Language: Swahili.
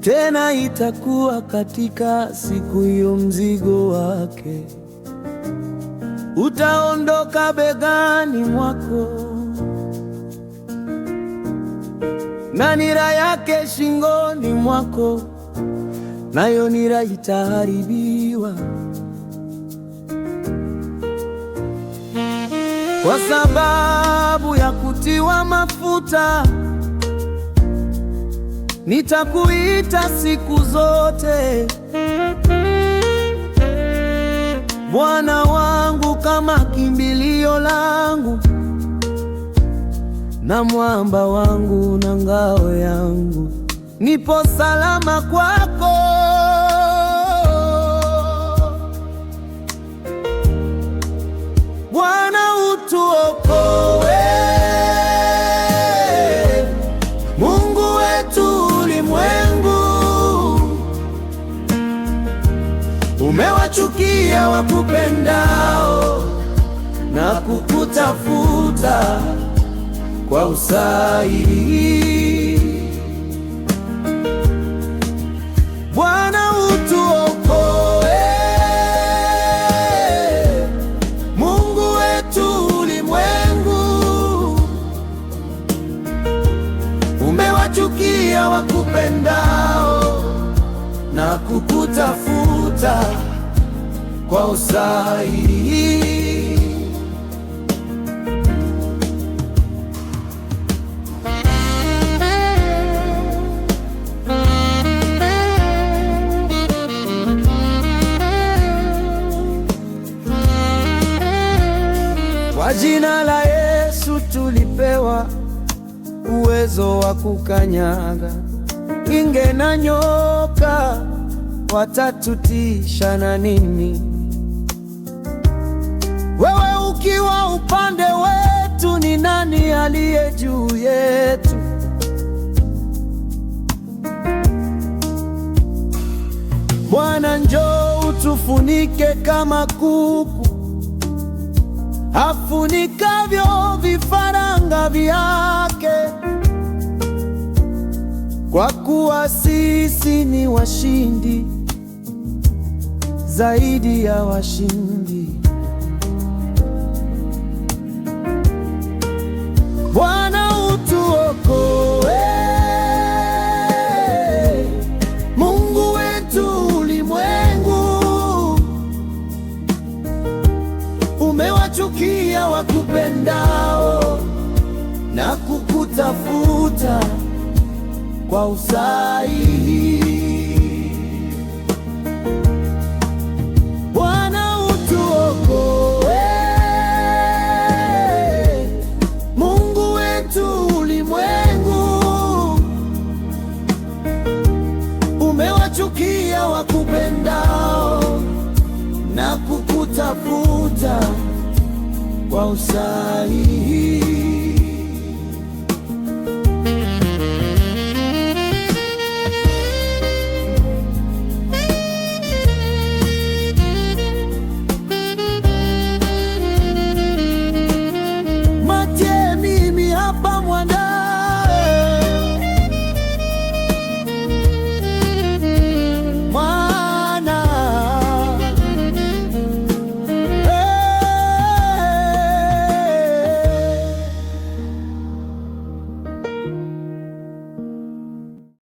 tena itakuwa katika siku hiyo, mzigo wake utaondoka begani mwako na nira yake shingoni mwako, nayo nira itaharibiwa, kwa sababu ya kutiwa mafuta nitakuita siku zote, Bwana wangu kama kimbilio langu na mwamba wangu na ngao yangu, nipo salama kwako. Bwana utuokoe, Mungu wetu ulimwengu umewachukia wakupendao na kukutafuta kwa usahihi. wakupendao na kukutafuta kwa usahihi. Kwa jina la Yesu tulipewa uwezo wa kukanyaga kinge na nyoka watatutisha na nini? Wewe ukiwa upande wetu, ni nani aliye juu yetu? Bwana, njoo utufunike kama kuku afunikavyo vifaranga vya kwa kuwa sisi ni washindi zaidi ya washindi. Bwana utuokoe, Mungu wetu. Ulimwengu umewachukia wakupendao na kukutafuta kwa usahihi. Bwana utuokoe, Mungu wetu ulimwengu umewachukia wakupendao na kukutafuta kwa usahihi.